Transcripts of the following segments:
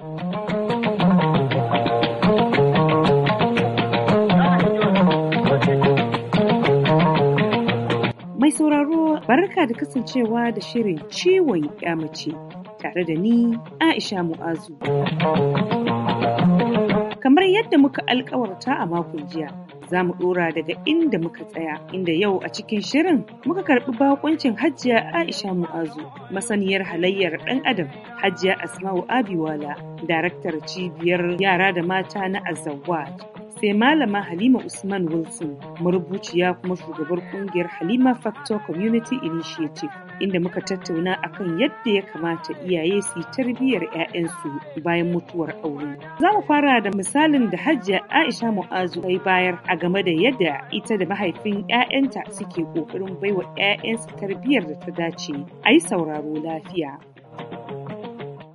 Mai sauraro barka da kasancewa da shirin ciwon mace tare da ni Aisha Mu'azu. Kamar yadda muka alkawarta a makon jiya. za mu dora daga inda muka tsaya inda yau a cikin shirin muka karbi bakuncin hajjiya aisha mu'azu masaniyar halayyar dan adam hajjiya asma'u abiwala daraktar cibiyar yara da mata na azawad sai malama Halima Usman Wilson, marubuciya kuma shugabar kungiyar Halima Factor Community Initiative, inda muka tattauna akan yadda ya kamata iyaye su yi tarbiyyar 'ya'yansu bayan mutuwar aure. Za mu fara da misalin da Hajiya Aisha Mu'azu ta bayar a game da yadda ita da mahaifin 'ya'yanta suke ƙoƙarin baiwa 'ya'yansu tarbiyyar da ta dace. A yi sauraro lafiya.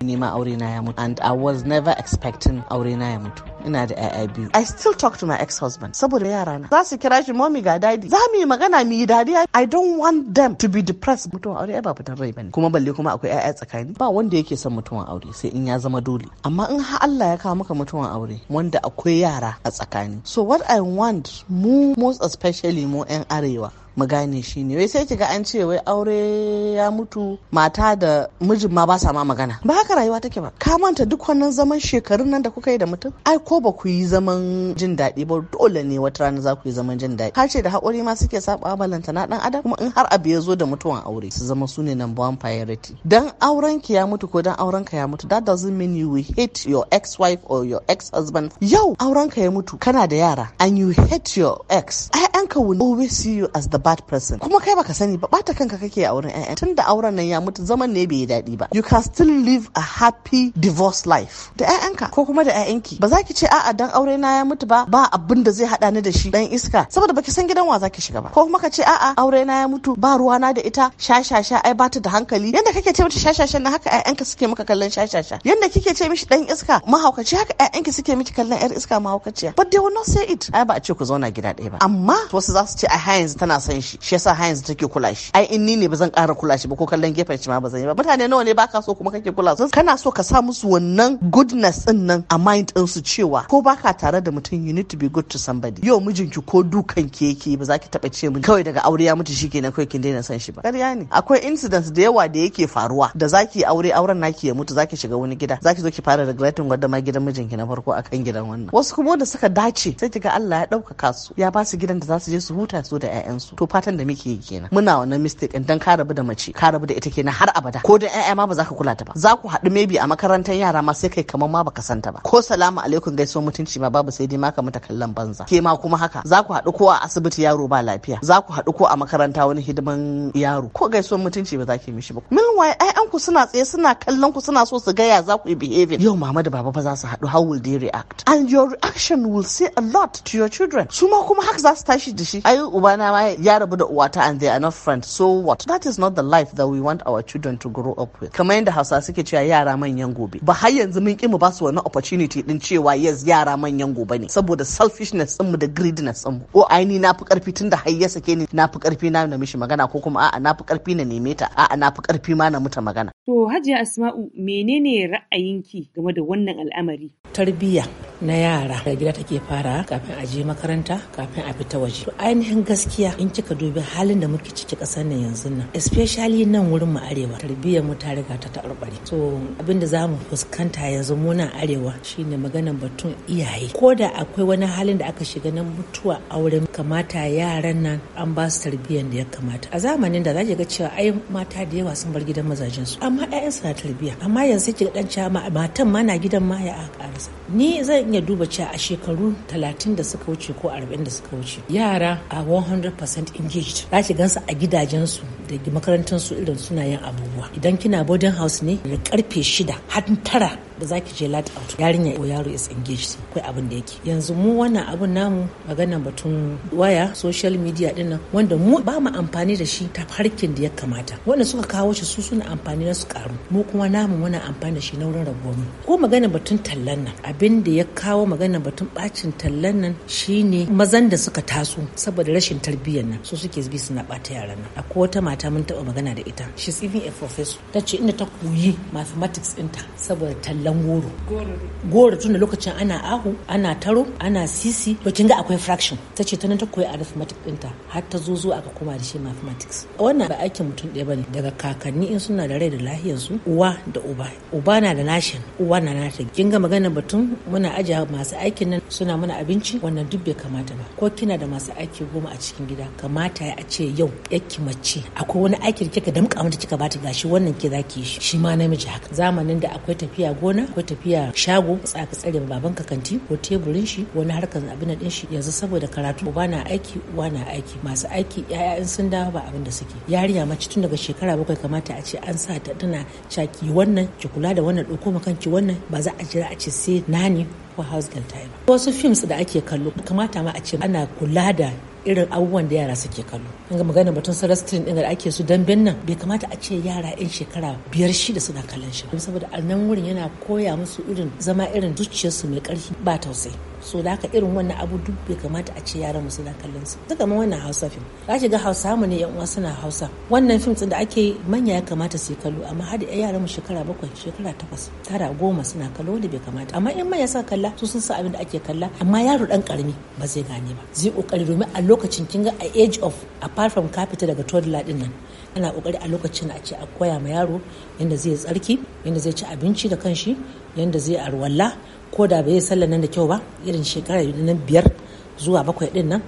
nema aure na ya mutu and I was never expecting aure na ya mutu. Ina da 'ya'ya biyu. I still talk to my ex-husband saboda yara na. Za su kira shi mommy ga daddy Za mu yi magana mu yi dadi. I don't want them to be depressed. Mutuwan aure ba fitan rai bane. Kuma balle kuma akwai 'ya'ya tsakani. Ba wanda yake son mutuwan aure sai in ya zama dole. Amma in har Allah ya kawo maka mutuwan aure wanda akwai yara a tsakani. So what I want mu most especially mu 'yan arewa mu gane shi ne wai sai kiga an ce wai aure ya mutu mata da mijin ma ba sa ma magana ba haka rayuwa take ba ka manta duk wannan zaman shekarun nan da kuka yi da mutum ai ko ba ku yi zaman jin daɗi ba dole ne wata rana za ku yi zaman jin daɗi har ce da haƙuri ma suke saba balanta na ɗan adam kuma in har abu ya zo da mutuwan aure su zama su ne number one priority dan auren ki ya mutu ko dan auren ka ya mutu that doesn't mean you hate your ex wife or your ex husband yau auren ka ya mutu kana da yara and you hate your ex 'ya'yanka will always see you as the bad person kuma kai baka sani ba bata kanka kake a wurin 'ya'yan tunda auren nan ya mutu zaman ne bai yi daɗi ba you can still live a happy divorce life da 'ya'yanka ko kuma da 'ya'yanki ba za ki ce a'a dan aure na ya mutu ba ba abin da zai haɗa ni da shi dan iska saboda baki san gidan wa zaki shiga ba ko kuma ka ce a'a aure na ya mutu ba ruwa na da ita shashasha ai bata da hankali yanda kake ce mata shashasha na haka 'ya'yanka suke maka kallon shashasha yanda kike ce mishi dan iska mahaukaci haka 'ya'yanki suke miki kallon yar iska mahaukaciya but they will not say it ai ba a ce ku zauna gida ɗaya ba amma to wasu za su ce a ha yanzu tana son shi shi yasa ha yanzu take kula shi ai in ni ne ba zan ƙara kula shi ba ko kallon gefen shi ma ba zan yi ba mutane nawa ne baka so kuma kake kula su kana so ka sa musu wannan goodness din nan a mind din su cewa ko baka tare da mutum you need to be good to somebody yau mijinki ko dukan ki yake ba za ki taba ce min kawai daga aure ya mutu shikenan kawai kin daina son shi ba ƙarya ne akwai incidents da yawa da yake faruwa da zaki aure auren naki ya mutu zaki shiga wani gida zaki zo ki fara regretting gwada ma gidan mijinki na farko akan gidan wannan wasu kuma da suka dace sai kiga Allah ya ɗaukaka su ya ba su gidan da za su je su huta su da su. to fatan da muke yi kenan muna wannan mistake din dan ka rabu da mace ka rabu da ita kenan har abada ko da 'ya'ya ma ba za ka kula ta ba za ku haɗu maybe a makarantar yara ma sai kai kamar ma baka santa ba ko salamu alaikum gaisuwar mutunci ma babu sai dai ma ka mata kallon banza ke ma kuma haka za ku haɗu ko a asibiti yaro ba lafiya za ku haɗu ko a makaranta wani hidiman yaro ko gaisuwar mutunci ba za ki mishi ba meanwhile 'ya'yanku suna tsaye suna kallon ku suna so su gaya za ku yi behavior yau mama da baba ba za su haɗu how will they react and your reaction will say a lot to your children su ma kuma haka za su tashi shi da shi ai ubana ma ya rabu da uwata and they are not friends so what that is not the life that we want our children to grow up with kamar yadda hausa suke cewa yara manyan gobe ba har yanzu mun ki mu ba su wani opportunity din cewa yes yara manyan gobe ne saboda selfishness din mu da greediness din mu o oh, ai ni na fi karfi tunda har ya sake ni na fi karfi na na mishi magana ko kuma a'a na fi karfi na neme ta a'a na fi karfi ma na muta magana to hajiya asma'u menene ra'ayinki game da wannan al'amari tarbiyya na yara da gida take fara kafin a je makaranta kafin a fita waje ciki ainihin gaskiya in kika dubi halin da muke ciki kasar nan yanzu nan especially nan wurin mu arewa tarbiyyar mu ta riga ta taɓarɓare so abin da zamu fuskanta yanzu mu nan arewa shine maganar batun iyaye ko da akwai wani halin da aka shiga na mutuwa auren kamata yaran nan an ba su tarbiyyar da ya kamata a zamanin da zaki ga cewa ai mata da yawa sun bar gidan mazajen su amma ƴaƴan su na tarbiyya amma yanzu ki dan cewa matan ma na gidan ma ya karasa ni zan iya duba cewa a shekaru talatin da suka wuce ko arba'in da suka wuce ya yara a 100% engaged za ki gansu a gidajensu da makarantarsu irin suna yin abubuwa idan kina boarding house ne da karfe shida har tara da ki je lati out yarinya ko yaro is engaged akwai abin da yake yanzu mu wannan abin namu maganan batun waya social media din nan wanda mu ba mu amfani da shi ta harkin da ya kamata wanda suka kawo shi su suna amfani na su karu mu kuma namu muna amfani da shi na wurin rabuwa mu ko maganan batun tallan nan abin da ya kawo maganan batun bacin tallan nan shine mazan da suka taso saboda rashin tarbiyyar nan su suke bi suna bata yaran nan akwai wata mata mun taba magana da ita she's even a professor tace inda ta koyi mathematics ɗinta saboda tallan tallan goro goro tun da lokacin ana ahu ana taro ana sisi to kin ga akwai fraction ta ce ta nan ta koyi arithmetic dinta har ta zo zo aka koma da shi mathematics wannan ba aikin mutum ɗaya bane daga kakanni in suna da rai da lahiyar su uwa da uba uba na da nashin uwa na nata kin ga magana batun muna aje masu aikin nan suna mana abinci wannan duk bai kamata ba ko kina da masu aiki goma a cikin gida kamata ya ce yau yakki mace akwai wani aiki da kika damƙa mata kika bata gashi wannan ke zaki shi shi ma namiji haka zamanin da akwai tafiya gona gona ko tafiya shago tsaka tsare baban ka kanti ko teburin shi wani harkar abin din shi yanzu saboda karatu uba na aiki uwa na aiki masu aiki yaya in sun dawo ba abin da suke yariya mace tun daga shekara bakwai kamata a ce an sa ta tana caki wannan ki kula da wannan ɗauko makanki wannan ba za a jira a ce sai nani ko house girl ta yi ba wasu films da ake kallo kamata ma a ce ana kula da irin abubuwan da yara suke kallo kan ga magana batun sarastin din da ake su ben nan bai kamata a ce yara yan shekara biyar shida suna kallon shi saboda a nan wurin yana koya musu irin zama irin zuciyarsu mai karfi ba tausayi so da haka irin wannan abu duk bai kamata a ce yaran mu suna kallon su duk kamar wannan hausa fim za ki ga hausa mu ne yan uwa suna hausa wannan fim din da ake manya ya kamata su kallo amma har da yaran mu shekara bakwai shekara takwas tara goma suna kallo wanda bai kamata amma in manya suka kalla su sun sa abin da ake kalla amma yaro dan karami ba zai gane ba zai kokari domin a lokacin kin ga a age of apart from capital daga toddler din nan ana kokari a lokacin a ce a koya ma yaro yadda zai tsarki yadda zai ci abinci da kanshi yanda zai arwalla ko da bai sallan nan da kyau ba irin shekara nan biyar zuwa bakwai din nan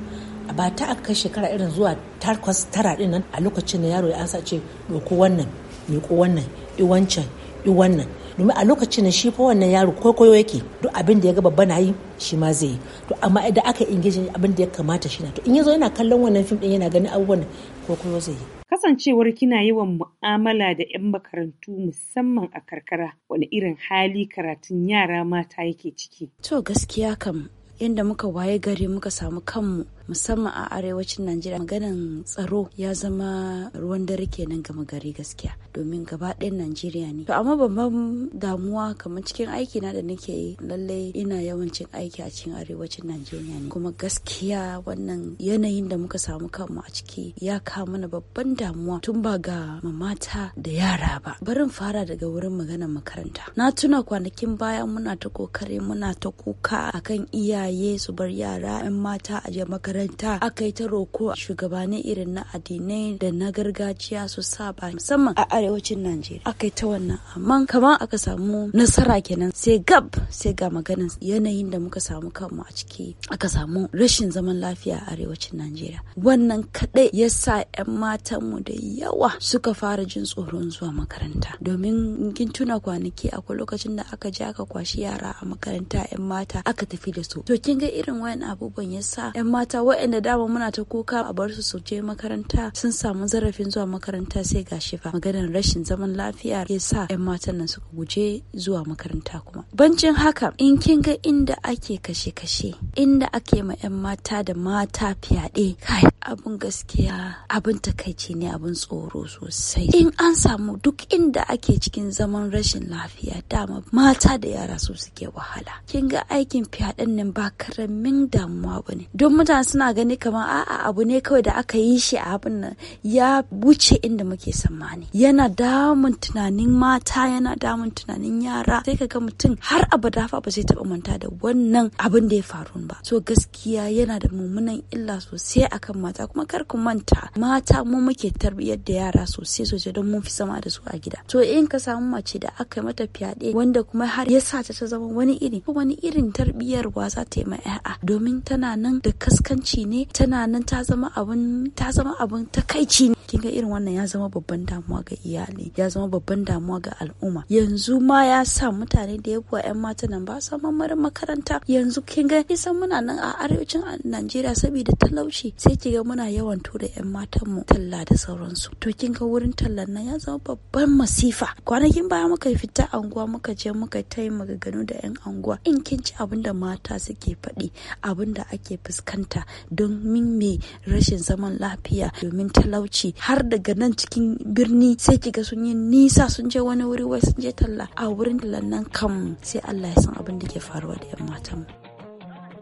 ba ta aka kai shekara irin zuwa takwas tara din nan a lokacin da yaro ya sa ce doko wannan miko wannan iwancan iwannan domin a lokacin da shi fa wannan yaro kwaikwayo yake duk abin da ya ga babba na yi shi ma zai yi to amma idan aka ingijin abin da ya kamata shi na to in yazo yana kallon wannan fim din yana ganin abubuwan kwaikwayo zai yi Kasancewar kina yawan mu'amala da 'yan makarantu musamman a karkara, wani irin hali karatun yara mata yake ciki? To gaskiya kam, yadda muka waye gari muka samu kanmu musamman a arewacin najeriya maganan tsaro ya zama ruwan dare kenan gama gari gaskiya domin gaba ɗayan najeriya ne to amma babban damuwa kamar cikin aiki na da nake yi lallai ina yawancin aiki a cikin arewacin najeriya ne kuma gaskiya wannan yanayin da muka samu kanmu a ciki ya kawo mana babban damuwa tun ba ga mamata da yara ba barin fara daga wurin maganar makaranta na tuna kwanakin baya muna ta kokari muna ta kuka akan iyaye su bar yara 'yan mata a makaranta makaranta aka yi ta roko shugabanni irin na addinai da na gargajiya su saba musamman a arewacin najeriya aka yi ta wannan amma kamar aka samu nasara kenan sai gab sai ga magana yanayin da muka samu kanmu a ciki aka samu rashin zaman lafiya a arewacin najeriya wannan kaɗai ya sa 'yan matanmu da yawa suka fara jin tsoron zuwa makaranta domin kin tuna kwanaki akwai lokacin da aka je aka kwashi yara a makaranta 'yan mata aka tafi da su to kin ga irin wayan abubuwan ya sa 'yan mata waɗanda dama muna ta kuka a bar su su je makaranta sun samu zarafin zuwa makaranta sai gashi fa maganar rashin zaman lafiya ya sa 'yan matan nan suka guje zuwa makaranta kuma bancin haka in kin ga inda ake kashe-kashe inda ake ma 'yan mata da mata fyaɗe kai abun gaskiya abin takaici ne abin tsoro sosai in an samu duk inda ake cikin zaman rashin lafiya dama mata da yara su suke wahala kin ga aikin fyaɗen nan ba karamin damuwa bane don mutane suna gani kamar a'a abu ne kawai da aka yi shi a abin nan ya wuce inda muke tsammani yana damun tunanin mata yana damun tunanin yara sai ka ga mutum har abada fa ba zai taba manta da wannan abin da ya faru ba so gaskiya yana da mummunan illa sosai akan mata kuma kar ku manta mata mu muke tarbiyyar da yara sosai sosai don mun fi sama da su a gida to in ka samu mace da aka yi mata fyaɗe wanda kuma har ya sa ta zama wani iri wani irin tarbiyyar za ta yi ma 'ya'a, domin tana nan da kaskanci zalunci ne tana nan ta zama abin ta zama abin takaici ne kin ga irin wannan ya zama babban damuwa ga iyali ya zama babban damuwa ga al'umma yanzu ma ya sa mutane da yawa yan mata nan ba su mamarin makaranta yanzu kin ga kisan muna nan a arewacin Najeriya saboda talauci sai ki ga muna yawan tura yan matan mu talla da sauransu to kin ga wurin tallan nan ya zama babban masifa kwanakin baya muka fita anguwa muka je muka tayi maganganu da yan anguwa in kin ci abin da mata suke faɗi abin da ake fuskanta don min me rashin zaman lafiya domin talauci har daga nan cikin birni sai kiga sun yi nisa sun je wani wuri wai sun je talla a wurin tallan nan kam sai Allah ya san abin da ke faruwa da 'yan matan.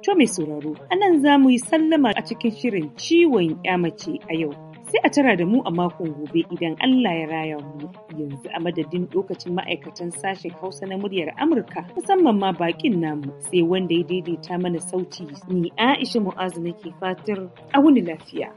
To mai sauraro, anan za mu yi sallama a cikin shirin ciwon ya mace a yau. sai a tara da mu a makon gobe idan Allah ya raya mu yanzu a madadin lokacin ma'aikatan sashen Hausa na muryar Amurka musamman ma bakin namu sai wanda ya daidaita mana sauti ni Aisha Mu'azu nake fatar a wuni lafiya.